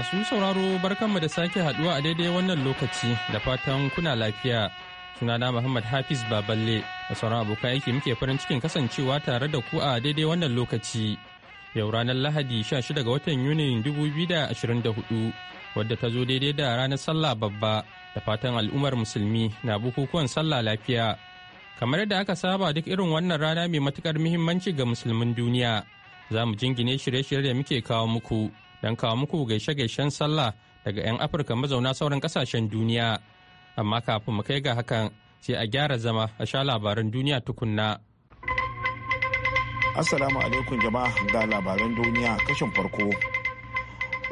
Masu sauraro barkanmu da sake haduwa a daidai wannan lokaci da fatan kuna lafiya. Sunana Muhammad Hafiz Baballe da sauran abokan aiki muke farin cikin kasancewa tare da ku a daidai wannan lokaci. Yau ranar Lahadi 16 ga watan yuni 2024 wadda ta zo daidai da ranar sallah babba da fatan al'ummar musulmi na bukukuwan sallah lafiya. Kamar yadda aka saba duk irin wannan rana mai matukar muhimmanci ga musulmin duniya. Za mu jingine shirye-shirye da muke kawo muku. don kawo muku gaishe-gaishen sallah daga 'yan afirka mazauna sauran kasashen duniya amma kafin mu kai ga hakan sai a gyara zama a sha labaran duniya tukunna assalamu alaikum jama'a ga labaran duniya kashin farko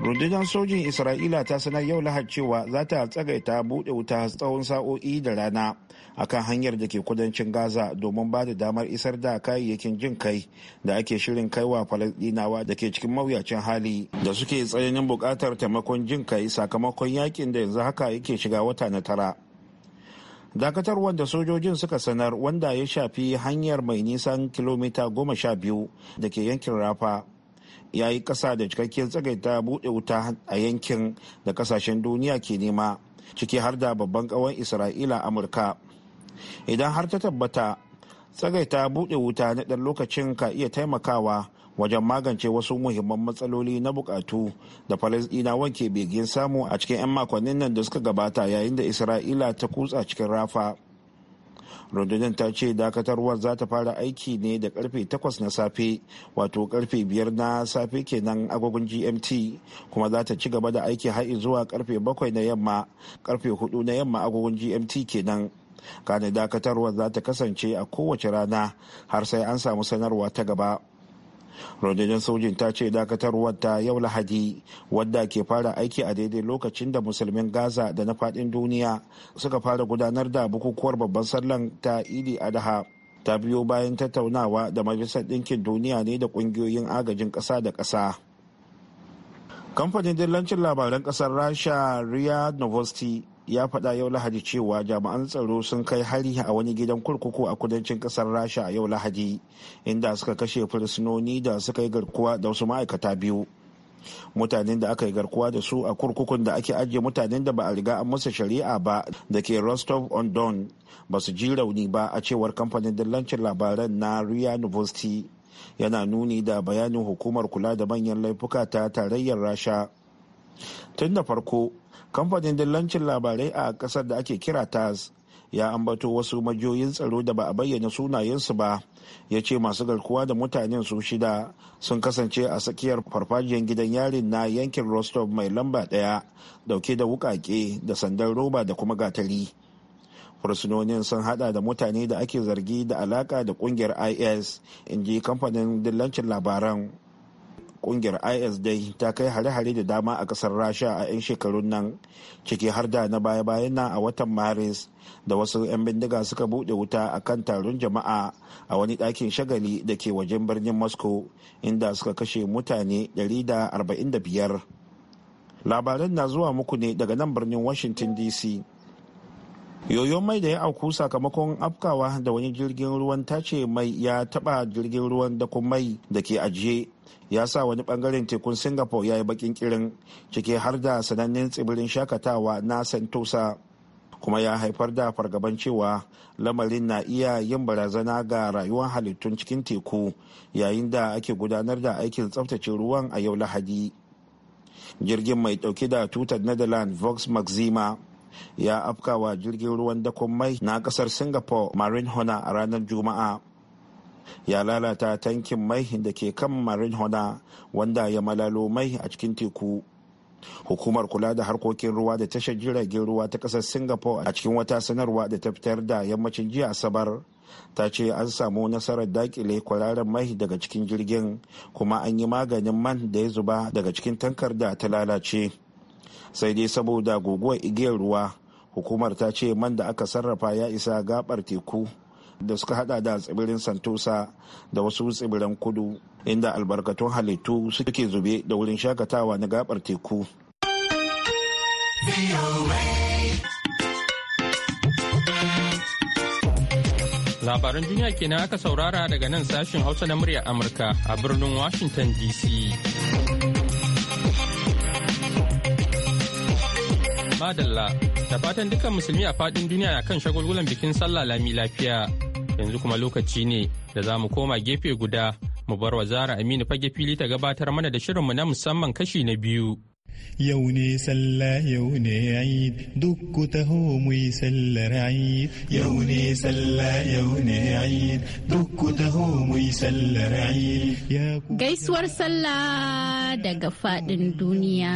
rundunar sojin isra'ila ta sanar yau lahar cewa za ta tsagaita buɗe wuta tsawon sa'o'i da rana akan hanyar da ke kudancin gaza domin ba da damar isar da kayayyakin jin kai da ake shirin kaiwa falasdinawa da ke cikin mawuyacin hali da suke tsananin buƙatar taimakon jin kai sakamakon yakin da yanzu haka yake shiga wata na tara dakatar wanda sojojin suka sanar wanda ya shafi hanyar mai nisan kilomita goma sha biyu da ke yankin rafa ya yi kasa da cikakkiyar tsagaita buɗe wuta a yankin da kasashen duniya ke nema ciki har da babban ƙawar isra'ila amurka idan har ta tabbata tsagaita buɗe wuta na ɗan lokacin ka iya taimakawa wajen magance wasu muhimman matsaloli na bukatu da falasɗinawan ke begin samu a cikin 'yan makonnin nan da suka gabata yayin da isra'ila ta kutsa cikin rafa rundunar ta ce dakatarwar za ta fara aiki ne da karfe 8 na safe wato karfe 5 na safe kenan agogon gmt kuma za ta ci gaba da aiki har zuwa karfe 7 na yamma karfe 4 na yamma agogon gmt kenan kane dakatarwar za ta kasance a kowace rana har sai an samu sanarwa ta gaba rundunar sojin ta ce dakatarwar ta yau lahadi wadda ke fara aiki a daidai lokacin da musulmin gaza da na fadin duniya suka fara gudanar da bukukuwar babban sallan ta idi adaha ta biyo bayan tattaunawa da majalisar ɗinkin duniya ne da ƙungiyoyin agajin ƙasa da ƙasa kamfanin dillancin labaran ƙasar rasha riyad novosti ya faɗa yau lahadi cewa jami'an tsaro sun kai hari a wani gidan kurkuku a kudancin ƙasar rasha yau lahadi inda suka kashe fursunoni da suka yi garkuwa da wasu ma'aikata biyu mutanen da aka yi garkuwa da su a kurkukun da ake ajiye mutanen da ba a riga an musu shari'a ba da ke rostov on don ba su ji rauni ba a cewar kamfanin dillancin labaran na ria university yana nuni da bayanin hukumar kula da manyan laifuka ta tarayyar rasha tun da farko kamfanin dillancin labarai a kasar da ake kira tas ya ambato wasu majiyoyin tsaro da ba a bayyana sunayensu ba ya ce masu garkuwa da mutanen su shida sun kasance a tsakiyar farfajiyar gidan yarin na yankin rostov mai lamba daya dauke da wukake da sandan roba da kuma gatari fursunonin sun hada da mutane da ake zargi da alaka da kungiyar is in ji kamfanin dillancin labaran kungiyar is dai ta kai hare-hare da dama a kasar rasha a 'yan shekarun nan ciki har da na baya-bayan nan a watan maris da wasu 'yan bindiga suka bude wuta a kan taron jama'a a wani ɗakin shagali da ke wajen birnin moscow inda suka kashe mutane 145 labaran na zuwa muku ne daga nan birnin washington dc yoyo mai da ya auku sakamakon afkawa da wani jirgin ruwan tace mai ya taba jirgin ruwan kuma mai da ke ajiye ya sa wani bangaren tekun singapore ya yi bakin kirin ciki har da sanannen tsibirin shakatawa na sentosa kuma ya haifar da fargaban cewa lamarin na iya yin barazana ga rayuwar halittun cikin teku yayin da ake gudanar da aikin tsaftace ruwan a yau lahadi jirgin mai dauke da tutar netherlands vox maxima ya afkawa jirgin ruwan dakon mai na kasar singapore marine hona a ranar juma'a ya lalata tankin mai da ke kan marin hona wanda ya malalo mai a cikin teku hukumar kula da harkokin ruwa da tashar jiragen ruwa ta kasar singapore a cikin wata sanarwa da ta fitar da yammacin jiya asabar ta ce an samu nasarar dakile kwararren mai daga cikin jirgin kuma an yi maganin man da ya zuba daga cikin tankar da ta lalace sai dai saboda guguwar igiyar ruwa hukumar ta ce man da aka sarrafa ya isa gabar teku da suka hada da tsibirin santosa da wasu tsibiran kudu inda albarkatun halittu suke zube da wurin shakatawa na gabar teku labaran duniya kenan aka saurara daga nan sashen hausa na murya amurka a birnin washington dc madalla da fatan dukkan musulmi a fadin duniya na kan shagulgulan bikin sallah lami lafiya yanzu kuma lokaci ne da za mu koma gefe guda mu bar wa zara aminu fage fili ta gabatar mana da shirinmu na musamman kashi na biyu yau ne sallah yau ne aid duk ku taho mu sallar aid yau ne sallah yau ne aid duk ku taho mu sallar aid gaisuwar sallah daga fadin duniya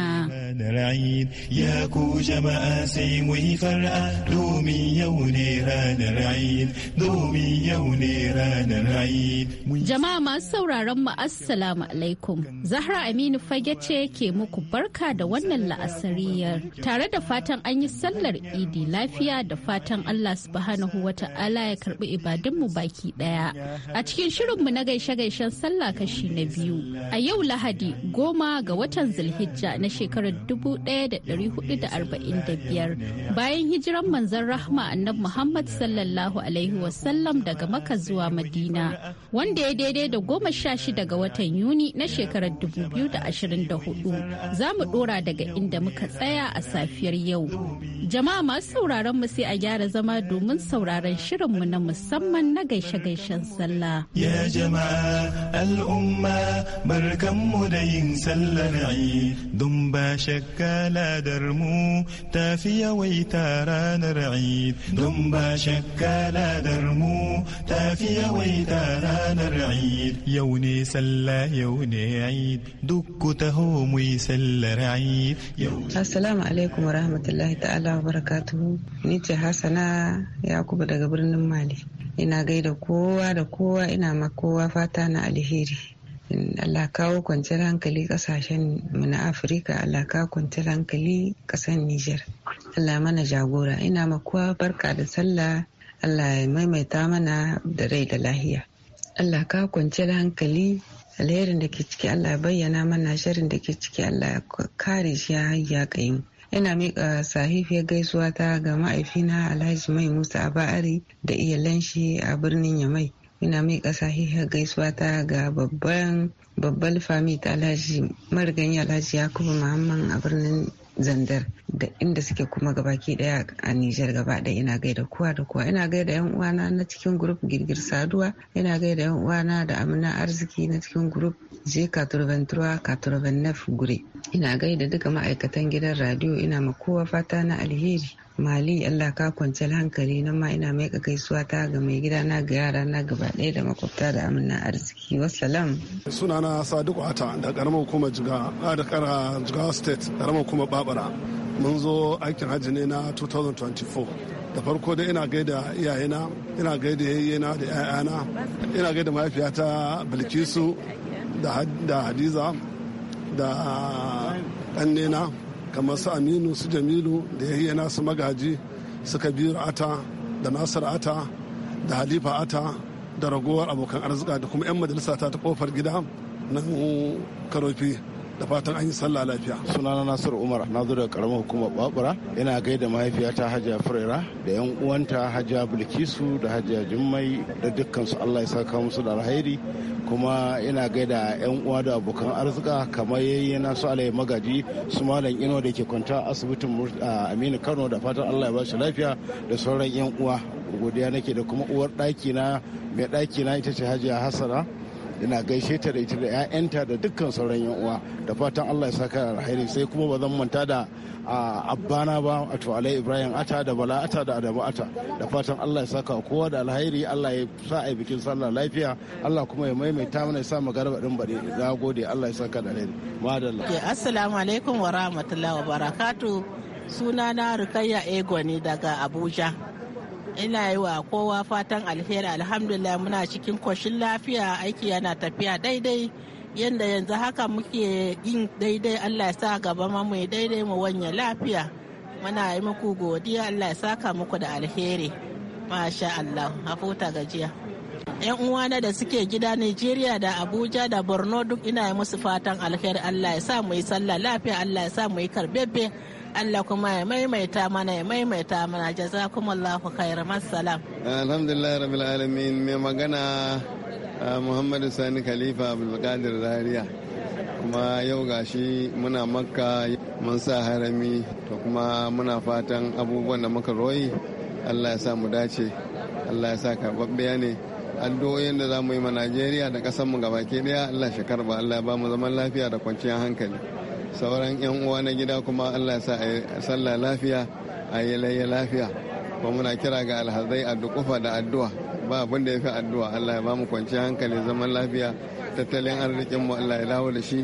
ya ku jama'a sai mu yi far'a domin yau ne ranar aid domin yau ne ranar aid jama'a masu sauraron mu assalamu alaikum zahra aminu fage ce ke muku barka da wannan la'asariyar tare da fatan an yi sallar idi lafiya da fatan Allah subhanahu wa ta'ala ya karbi ibadunmu baki daya. A cikin shirinmu na gaishe-gaishen sallah kashi na biyu. A yau Lahadi goma ga watan Zulhijja na shekarar dubu da da arba'in biyar bayan hijiran manzon rahma annabi Muhammad sallallahu alaihi wasallam daga maka zuwa Madina wanda ya daidai da goma sha shida ga watan Yuni na shekarar da 2024. Za mu ɗora daga inda muka tsaya a safiyar yau. Jama'a masu sauraron mu sai a gyara zama domin sauraron shirinmu na musamman na gaishe-gaishen sallah. Ya jama'a al'umma barkanmu da yin sallar yi don ba shakka ladar mu ta fi yawaita ranar yi. don ba shakka ladar mu ta fi yawaita ranar yi. yau ne sallah yau ne yi duk ku taho mu yi sallar yi. yayi Assalamu alaikum warahmatullahi ta'ala barakatu. Ni ce Hassana Yakubu daga birnin Mali. Ina gaida kowa da kowa ina ma kowa fata na alheri. Allah kawo kwanciyar hankali kasashen mu na Afirka, Allah kawo kwanciyar hankali kasan Nijar. Allah mana jagora, ina ma kowa barka da sallah, Allah ya maimaita mana da rai da lahiya. Allah kawo kwanciyar hankali alherin da ke ciki Allah bayyana mana shirin da ke ciki Allah kare shi ya kayin ina miƙa sahifiyar gaisuwa ta ga ma'aifina alhaji mai musa Abari da iyalan shi a birnin yamai ina miƙa sahihiyar gaisuwa ta ga babban babbal fami ta alhaji Marganya alhaji yakubu muhammad a birnin zandar da inda suke kuma gabaki daya a Nijar gaba daya ina gaida kowa da kowa ina gaida yan uwana na cikin gurup girgir saduwa ina gaida yan uwana da amina arziki na cikin grup je katurventura 89 gure ina gaida duka ma'aikatan gidan radio ina ma kowa fata na alheri mali allah ka kwanciyar hankali nan ma ina mai gaisuwa ta ga mai gida na ga yara na gaba ɗaya da makwabta da amina arziki wasalam na sadiku ata da karamar hukumar jiga da kara jigawa state karamar hukumar babara mun zo aikin hajji ne na 2024 da farko da ina gaida iyayena ina gaida yayyena da 'ya'yana ina gaida mahaifiyata bilkisu da hadiza da ƙannena. kamar su aminu su jamilu da ya yahiya nasu magaji su kabiru ata da nasir ata da halifa ata da ragowar abokan arzika da kuma 'yan majalisa ta ta kofar gida nan karofi da fatan an yi sallah lafiya sunana nasiru umar na zo daga karamar hukumar babura ina gaida mahaifiyata hajiya furera da yan uwanta hajiya bilkisu da hajiya jummai da dukkan su allah ya saka musu da alheri kuma ina gaida yan uwa da abokan arzika kamar yayi na su alayi magaji su malam ino da ke kwanta asibitin aminu kano da fatan allah ya ba shi lafiya da sauran yan uwa godiya nake da kuma uwar ɗaki na mai ɗaki na ita ce hajiya hassana ina gaishe ta da ita da 'ya'yanta da dukkan sauran yan uwa da fatan Allah ya saka alheri sai kuma ba zan manta da abbana ba a tuwale ibrahim ata da bala ata da adamu ata da fatan Allah ya saka kowa da alheri Allah ya sa a bikin sallah lafiya Allah kuma ya maimaita mana ya sa mu garba din bade na gode Allah ya saka da alheri madalla assalamu alaikum wa rahmatullahi wa barakatuh sunana rukayya egoni daga abuja ina yi wa kowa fatan alheri alhamdulillah muna cikin koshin lafiya aiki yana tafiya daidai yadda yanzu haka muke yin daidai allah ya sa gaba ma mu daidai mu wanya lafiya muna yi muku godiya allah ya saka muku da alheri masha allah hafuta gajiya yan uwana da suke gida nigeria da abuja da borno duk ina yi musu fatan alheri allah ya sa mu yi sallah lafiya allah ya sa mu yi karbebe Allah kuma ya maimaita mana ya maimaita mana jazakumullahu khairan massalam alhamdulillah rabbil alamin mai magana ah, muhammadu sani khalifa abdulkadir zaria kuma yau gashi muna makka mun sa harami to kuma muna fatan abubuwan da muka royi allah ya sa mu dace allah ya sa karɓaɓɓiya ne addu'o'in da za mu yi ma najeriya da ƙasarmu gabaki ɗaya allah shi karba allah ya ba mu zaman lafiya da kwanciyar hankali sauran yan uwa na gida kuma allah sa a yi sallah lafiya a yi layya lafiya kuma muna kira ga alhazai a dukufa da addu'a ba abin da ya fi addu'a allah ya ba mu kwanci hankali zaman lafiya tattalin arzikin mu allah ya dawo da shi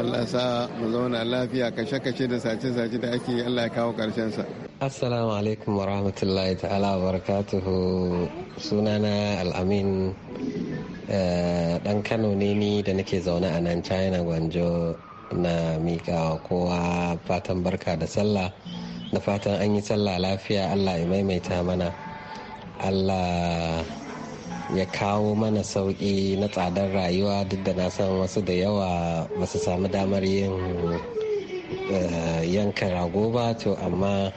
allah sa mu zauna lafiya kashe-kashe da sace-sace da ake yi allah ya kawo karshen sa assalamu alaikum wa rahmatullahi ta'ala wa barakatuhu sunana al'amin dan eh, kano ne ni da nake zaune a nan china gwanjo na miƙa kowa fatan barka da sallah da fatan an yi sallah lafiya allah ya maimaita mana allah ya kawo mana sauƙi na tsadar rayuwa duk da na san wasu da yawa ba su samu damar yin eh, yanka rago ba to amma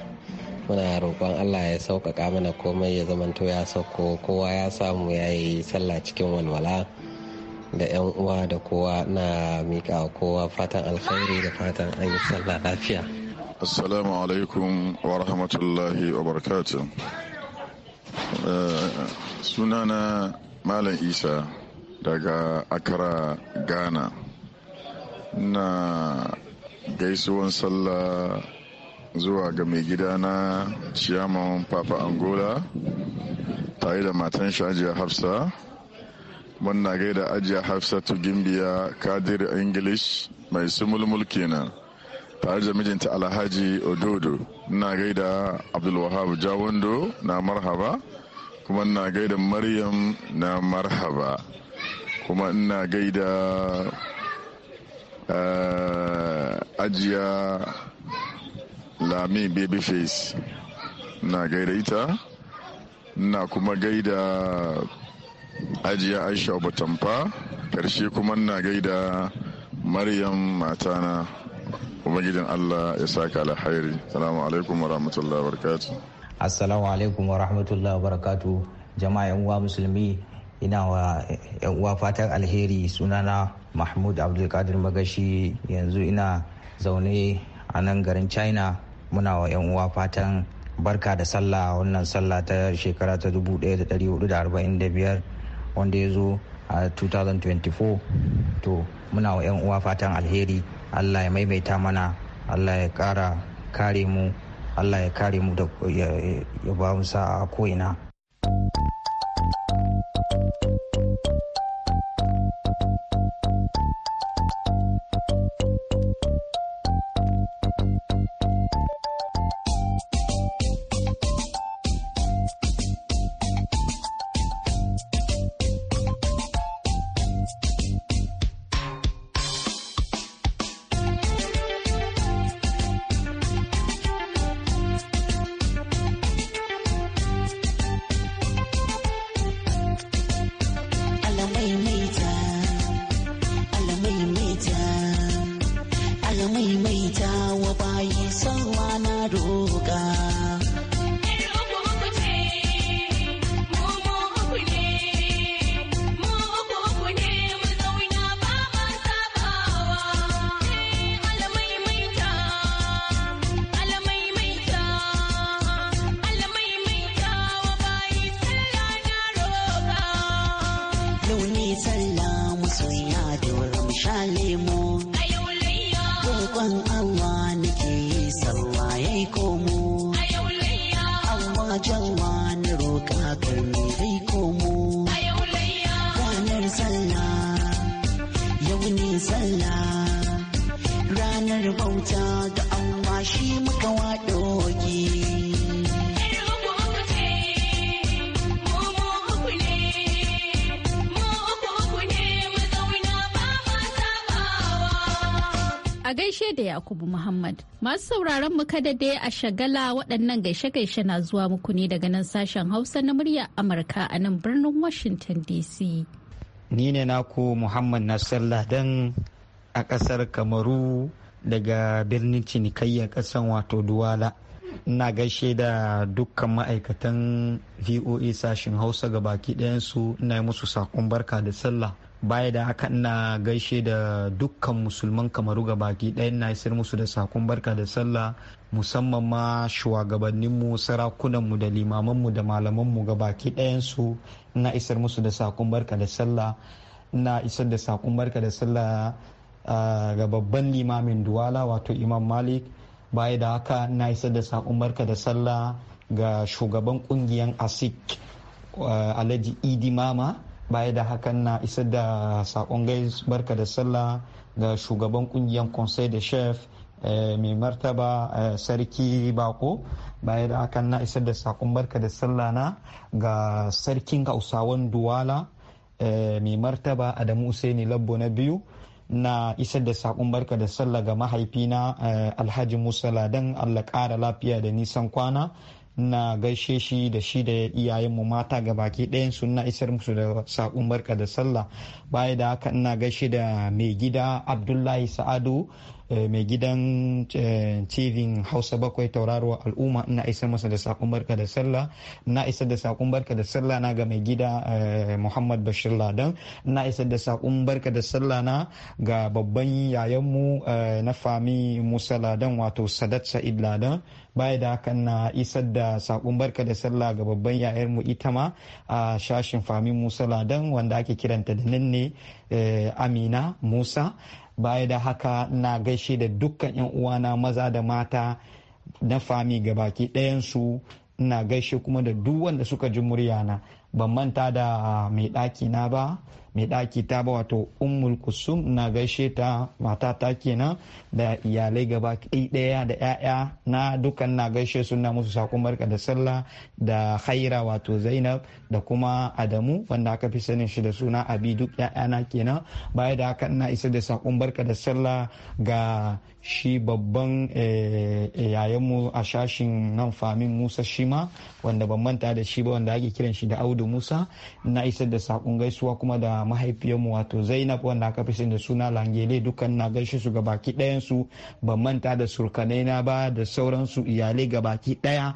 muna roƙon allah ya sauƙaƙa mana komai ya zamanto ya sauko kowa ya samu ya yi sallah cikin walwala da 'yan uwa da kowa na miƙa kowa fatan alkhairi da fatan an yi sallah lafiya assalamu alaikum wa rahmatullahi wa eh, sunana malam isa daga akara ghana na gaisuwan sallah zuwa ga mai gida na ciyaman papa angola tare da matan shajiya hafsa muna gaida ajiya hafsatu gimbiya kadir english mai sumulmul kenan tare da mijinta alhaji ododo ina gaida abdulwahab jawando na marhaba kuma ina gaida maryam na marhaba kuma ina gaida eh, ajiya lami babyface na gaida ita ina kuma gaida Ajiye aisha batamfa karshe kuma na gaida maryam matana ubangijin allah ya saka alhairi salamu alaikum wa rahmatullahi wa barakatu assalamu alaikum wa rahmatullahi wa barakatu jama'a yan uwa musulmi ina wa yan uwa fatan alheri sunana mahmud abdulkadir magashi yanzu ina zaune a nan garin china muna wa yan uwa fatan barka da sallah wannan sallah ta shekara ta 1445 wanda ya zo a 2024 to muna wa 'yan uwa fatan alheri allah ya maimaita mana allah ya kara kare mu allah ya kare mu da ya ba mu sa'a ko'ina Yakubu Muhammad. Masu sauraron mu kada dai a shagala waɗannan gaishe-gaishe na zuwa muku ne daga nan sashen Hausa na murya Amurka a nan birnin Washington DC. Ni ne naku Muhammad Nasir Ladan a ƙasar Kamaru daga birnin cinikayya ƙasan wato Duwala. ina gaishe da dukkan ma'aikatan voa sashen hausa ga baki ɗayansu ina yi musu sakon barka da sallah baya da haka ina gaishe da dukkan musulman kamaru ga baki ɗaya na isar musu da sakon barka da sallah musamman ma shugabanninmu sarakunanmu da limamanmu da malamanmu baki ɗayansu na isar musu da sakon barka da sallah na isar da sakon barka da sallah ga babban limamin duwala wato imam malik baya da haka na isar da sakon barka da sallah ga shugaban kungiyan asik alhaji idi mama baya da hakan na isar da sakon gais barka da sallah ga shugaban kungiyar conseil de chef eh, mai martaba eh, sarki bako baya da hakan na isar da sakon barka da sallah na ga sarkin hausawan duwala eh, mai martaba adamu usaini labbo na biyu na isar da saƙon barka da sallah ga mahaifina alhaji musa ladan allah kara lafiya da nisan kwana na gaishe shi da shi da iyayenmu mata ga baki ɗayan su na isar musu da saƙon barka da sallah baya da haka ina gaishe da mai gida abdullahi sa'adu eh, mai gidan tv eh, hausa bakwai tauraruwa al'umma ina isa masa da saƙon barka da sallah na isa da saƙon barka da sallah na ga mai gida eh, muhammad bashir ladan ina isa da saƙon barka da sallah na ga babban yayanmu na fami musa ladan wato sadat sa'id ladan baya da hakan na isar da sakon barka da sallah ga babban yayarmu ita ma a shashin fami musa ladan wanda ake kiranta da nan ne eh, amina musa baya da haka na gaishe da dukkan yan uwana maza da mata na fami ga gabaki ɗayansu na gaishe kuma da duk wanda suka ji muryana ban manta da mai ɗaki na ba mai ɗaki ta ba wato ummul kusum na gaishe ta mata ta kenan da iyalai gaba ɗaya da 'ya'ya na dukan na gaishe suna musu sakon barka da sallah da haira wato zainab da kuma adamu wanda aka fi sanin shi da suna abi duk na kenan baya da haka ina isa da sakon barka da sallah ga shi babban eh, yayanmu a shashin nan famin musa shima wanda ban manta da shi ba wanda ake kiran shi da audu musa na isa da sakon gaisuwa kuma da mahaifiyarmu wato zainab wanda aka fi da suna langele dukkan na gaishe su gabaki ɗayansu ban manta da surkanai na ba da sauransu iyalai gabaki ɗaya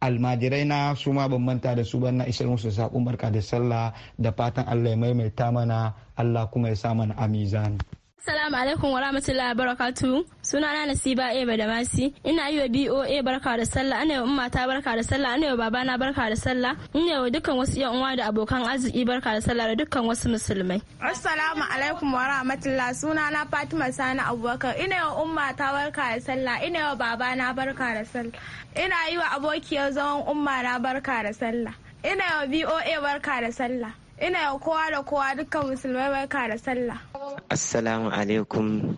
almajirai na su ma ban manta da su ban na isar musu saƙon barka da sallah da fatan allah ya maimaita mana allah kuma ya sa mana amizan. Assalamu alaikum wa rahmatullahi wa barakatu. na Nasiba A masi Ina yi wa BOA barka da sallah, ana yi wa ummata barka da sallah, ana yi wa babana barka da sallah, ina yi wa dukkan wasu yan uwa da abokan arziki barka da sallah da dukkan wasu musulmai. Assalamu alaikum wa rahmatullah. na Fatima Sani Abubakar. Ina yi wa ummata barka da sallah, ina yi wa babana barka da sallah. Ina yi wa abokiyar zaman umma na barka da sallah. Ina yi wa BOA barka da sallah. ina ya kowa da kowa dukkan musulmai barka da sallah assalamu alaikum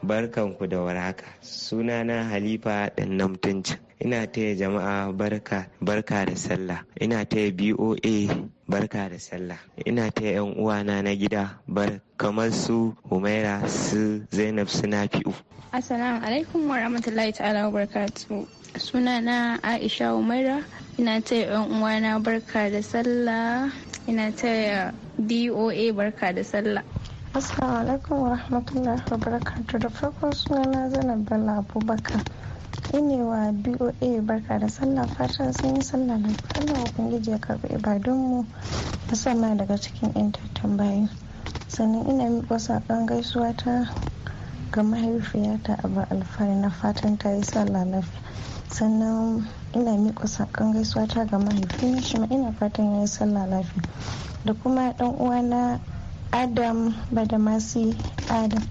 barkanku da waraka, sunana halifa dan namtunci ina taya jama'a barka barka da sallah ina taya boa barka da sallah ina taya yan uwana na gida bar kamar su humaira su zainab su nafi'u assalamu alaikum wa rahmatullahi ta'ala wa barakatuhu sunana aisha humaira ina taya yan uwana barka da sallah ina taya doa barka da sallah assalamu alaikum wa rahmatullahi wa barakatu da farkon na zanen bala abubakar inewa boa barka da sallah fatan sun yi sallah na allah ubangiji ya karbi ibadunmu musamman daga cikin yan tambayi sannan ina miƙa kan gaisuwa ta ga mahaifiyata abu alfari na fatan ta yi sallah lafiya sannan ina miƙa saƙon gaisuwa ta ga mahaifina shi ma ina fatan ya yi sallah lafiya da kuma ɗan uwana adam badamasi adam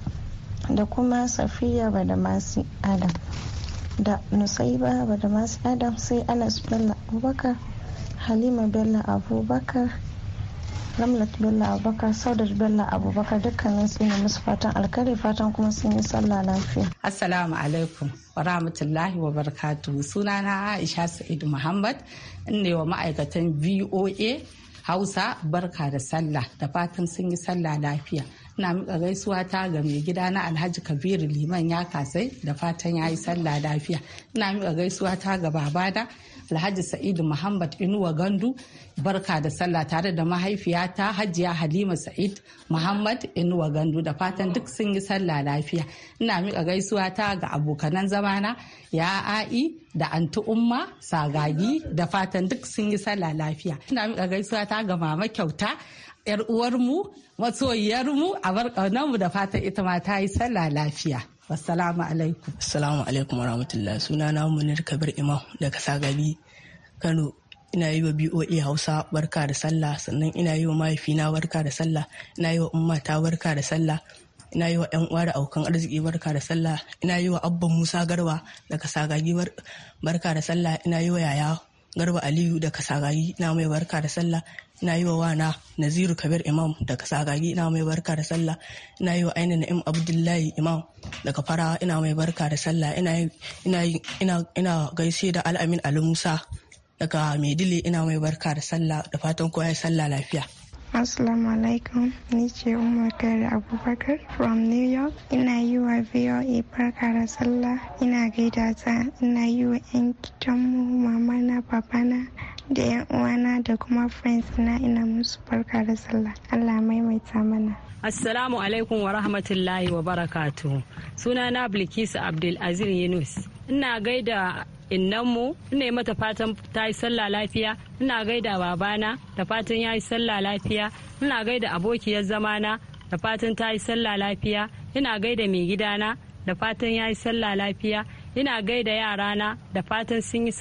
da kuma safiya badamasi adam da nusaiba badamasi adam sai anas bello abubakar halima bello abubakar ramlat bello abubakar saudar bello abubakar dukkanin sun yi musu fatan alkhairi fatan kuma sun yi sallah lafiya assalamu alaikum wa rahmatullahi wa suna sunana aisha sa'id muhammad ne wa ma'aikatan voa hausa barka da sallah da fatan sun yi sallah lafiya ina miƙa gaisuwa ta ga mai gida na alhaji kabiru liman ya kasai da fatan ya yi sallah lafiya ina miƙa gaisuwa ta ga babana alhaji sa'idu muhammad inuwa gandu barka da sallah tare da mahaifiyata hajiya halima sa'id muhammad inuwa gandu da fatan duk sun yi sallah lafiya ina miƙa gaisuwa ta ga abokanan zamana ya a'i da anti umma sagagi da fatan duk sun yi sallah lafiya ina miƙa gaisuwa ta ga mama kyauta 'yar uwarmu masoyiyarmu a bar mu da fatan ita ma ta yi sallah lafiya assalamu alaikum assalamu alaikum warahmatullahi suna na munir kabir imam daga sagari kano ina yi wa BOA Hausa barka da sallah sannan ina yi wa mahaifina barka da sallah ina yi wa ummata barka da sallah ina yi wa yan uwa da aukan arziki barka da sallah ina yi wa abban Musa Garba daga sagagi barka da sallah ina yi wa yaya garba aliyu da kasagagi na mai barka da sallah na yi wa wana naziru kabir imam da kasagagi na mai barka da sallah na yi wa aina na'im abdullahi imam daga fara ina mai barka da sallah ina gaishe da al'amin ali musa daga maidile ina mai barka da sallah da fatan kowa ya sallah lafiya Assalamu alaikum, ni ce Umar Kare Abubakar from New York. Ina yi wa VOA barka da sallah, ina gaida ta, ina yi wa 'yan gidanmu, mamana, babana, da 'yan uwana da kuma friends na ina musu barka da sallah. Allah maimaita mana. Assalamu alaikum wa rahmatullahi wa barakatu. na Bilkisu abdul Abdulaziz Yunus. ina gaida innanmu ina mata fatan ta yi sallah lafiya ina gaida babana da fatan ya yi sallah lafiya ina gaida abokiyar zamana da fatan ta yi sallah lafiya ina gaida mai gidana da fatan ya yi sallah lafiya ina gaida yarana da fatan sun yi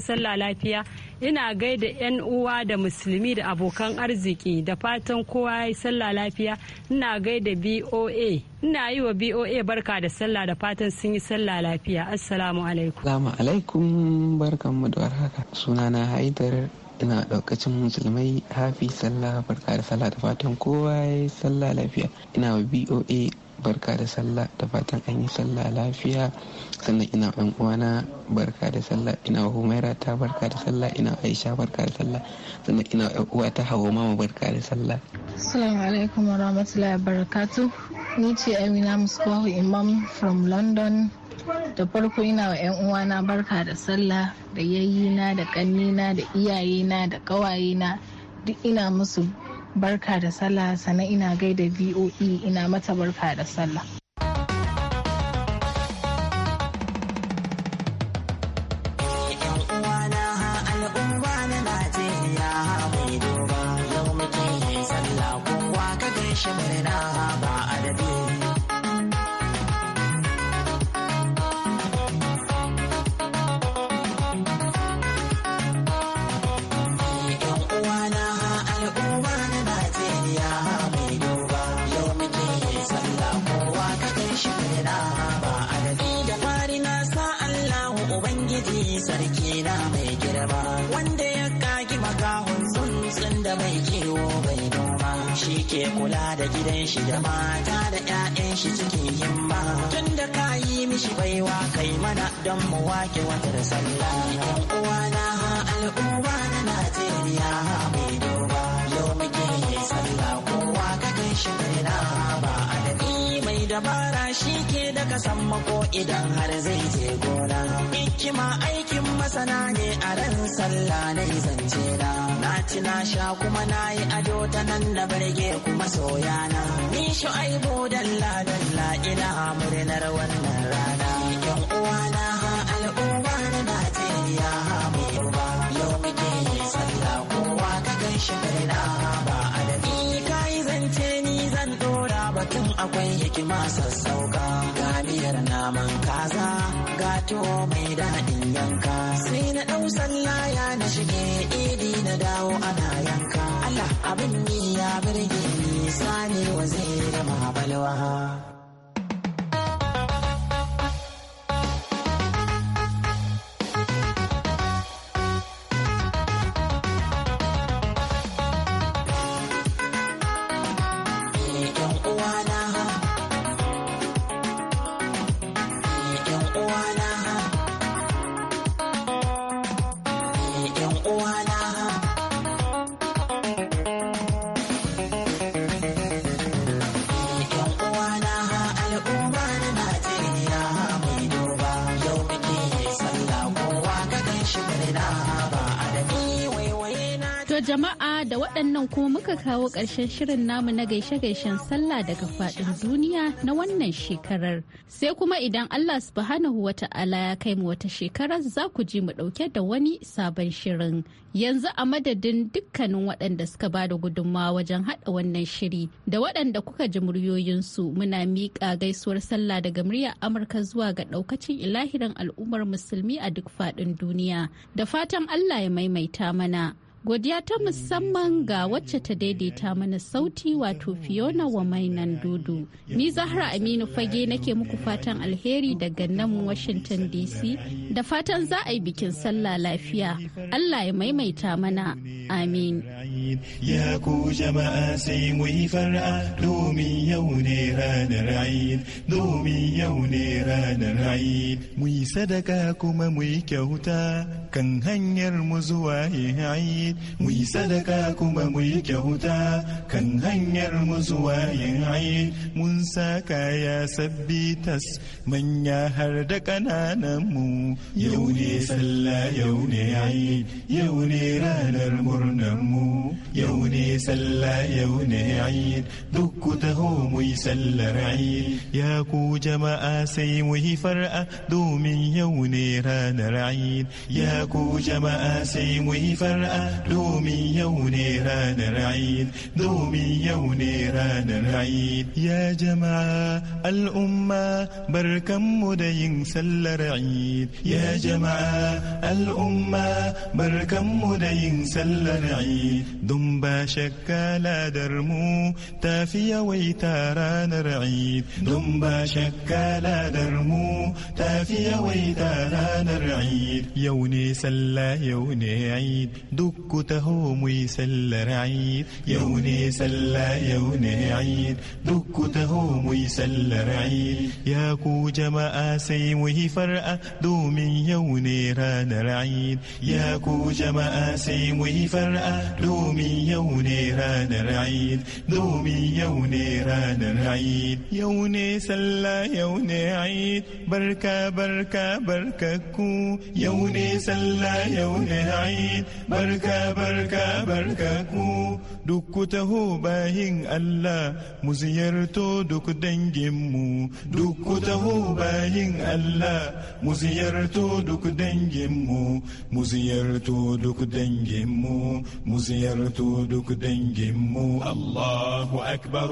sallah lafiya ina gaida 'yan uwa da musulmi da abokan arziki da fatan kowa ya yi sallah lafiya ina gaida boa ina yi wa boa barka da sallah da fatan sun yi sallah lafiya assalamu alaikum salamu alaikum mu da warhaka na haidar ina daukacin musulmai hafi sallah barka da sallah da fatan kowa ya yi sallah lafiya ina wa boa barka da sallah da fatan an yi sallah lafiya sannan ina yan uwana barka da sallah ina humaira ta barka da sallah ina aisha barka da sallah sannan ina yan uwa ta hawa mama barka da sallah assalamu alaikum wa rahmatullahi barakatu ni ce amina musbahu imam from london da farko ina wa 'yan uwana barka da sallah da yayyina da kannina da iyayena da ƙawayena duk ina musu barka da sallah sannan ina gaida voe ina mata barka da sallah da gidan shi da mata da 'ya'yan shi cikin himma tun da ka yi mishi baiwa kai mana don mu wake watar sallah yan uwa na al'umma na Najeriya mai duba yau muke yi sallah kowa ka shi na ba adadi mai dabara shi ke da san mako idan har zai je gona. Hikima aikin masana ne a ran sallah na zance na. Na ci na sha kuma na yi ado ta nan da barge kuma soyana. Ni shi shu'aibu dalla dalla ina murnar wannan rana. Yan na ha al'umma na Najeriya ha mai yau muke yi sallah kowa ka gan shi kima sassauka ga naman kaza gato mai daɗin yanka sai na ɗau sallaya na shige idi na dawo ana yanka Allah abin ni ya birge ni sani wa zai da waɗannan kuma muka kawo ƙarshen shirin namu na gaishe-gaishen sallah daga faɗin duniya na wannan shekarar. Sai kuma idan Allah subhanahu wa ta'ala ya kai mu wata shekarar za ku ji mu ɗauke da wani sabon shirin. Yanzu a madadin dukkanin waɗanda suka ba da gudunmawa wajen haɗa wannan shiri da waɗanda kuka ji muryoyinsu muna miƙa gaisuwar sallah daga muryar Amurka zuwa ga ɗaukacin ilahirin al'ummar musulmi a duk faɗin duniya. Da fatan Allah ya maimaita mana. Godiya ta musamman ga wacce ta daidaita mana sauti wato Fiona wa mainan dudu. Ni Zahra Aminu Fage nake muku fatan alheri daga nan Washington DC da fatan za a yi bikin sallah lafiya. Allah ya maimaita mana. Amin. Ya ku jama'a sai mu yi fara domin yau ne ranar domin yau ne ranar Mu yi sadaka kuma mu yi kyauta kan hanyar mu zuwa yi mu yi sadaka kuma mu yi kyauta kan hanyar mu zuwa yin ai mun sa kaya sabbi tas manya har da ƙananan mu yau ne sallah yau ne ai yau ne ranar murnar mu yau ne sallah yau ne ai duk كتهوم يسل رعي يا كو جما اسي مهي فرأ دو من يوني ران رعين يا كو جما اسي مهي فرأ دو من يوني ران رعين دو يوني ران رعين يا جما الأمة بركم مدين سل رعين يا جما الأمة بركم مدين سل رعين دم باشك لا درمو تافيا yawaita ranar Eid don ba shakka ladar mu ta fi yawaita ranar Eid yau ne sallah yau ne Eid duk ku taho mu yi sallar Eid yau ne sallah yau ne Eid duk ku taho mu yi sallar Eid ya ku jama'a sai mu yi far'a domin yau ne ranar Eid ya ku jama'a sai mu yi far'a domin yau ne ranar Eid domin yau ne ranar Eid yau ne sallah yau ne Eid barka barka barka ku yau ne sallah yau ne Eid barka barka barka ku duk ku taho bayin Allah mu ziyarto duk dangin mu duk ku taho bayin Allah mu ziyarto duk dangin mu mu ziyarto duk dangin mu mu ziyarto duk dangin mu Allahu akbar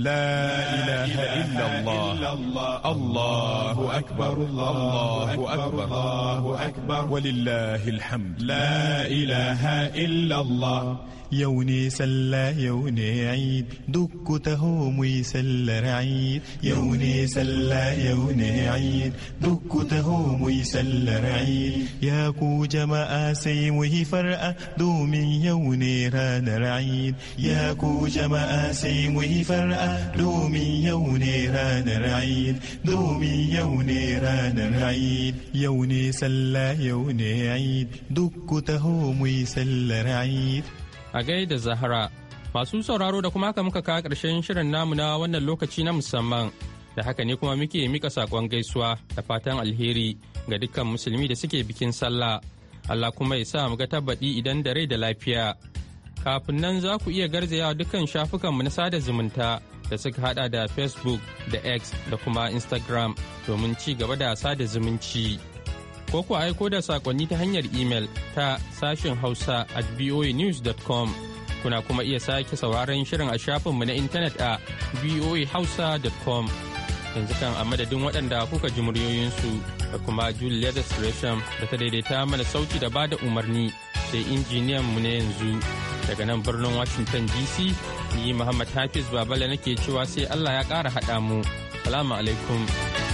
لا إله إلا الله الله أكبر الله أكبر الله أكبر ولله الحمد لا إله إلا الله يوني سلا يوني عيد دك تهوم يسل رعيد يوني سلا يوني عيد دك تهوم يسل رعيد يا كو جما سيمه فرأة دومي يوني ران رعيد يا كو جما سيمه فرأة domin yau ne ranar Eid domin yau ne ranar Eid yau ne sallah yau ne Eid duk ku taho mu yi sallar Eid a gaida Zahra masu sauraro da kuma haka muka kawo ƙarshen shirin namu na wannan lokaci na musamman da haka ne kuma muke mika sakon gaisuwa da fatan alheri ga dukkan musulmi da suke bikin sallah Allah kuma ya sa mu ga tabbaɗi idan da rai da lafiya kafin nan za ku iya garzaya dukkan shafukanmu na sada zumunta da suka hada da facebook da x da kuma instagram domin ci gaba da sada zumunci ko ku aiko da sakonni ta hanyar email ta sashen hausa at voanews.com kuna kuma iya sake sauraron shirin a shafinmu na intanet a voahausa.com yanzu kan a madadin waɗanda kuka ji muryoyinsu da kuma julia da ta daidaita mana sauki da ba da umarni sai injiniyan mu na yanzu daga nan birnin washington dc ni muhammad hafiz babala nake cewa sai allah ya kara haɗa mu salamu alaikum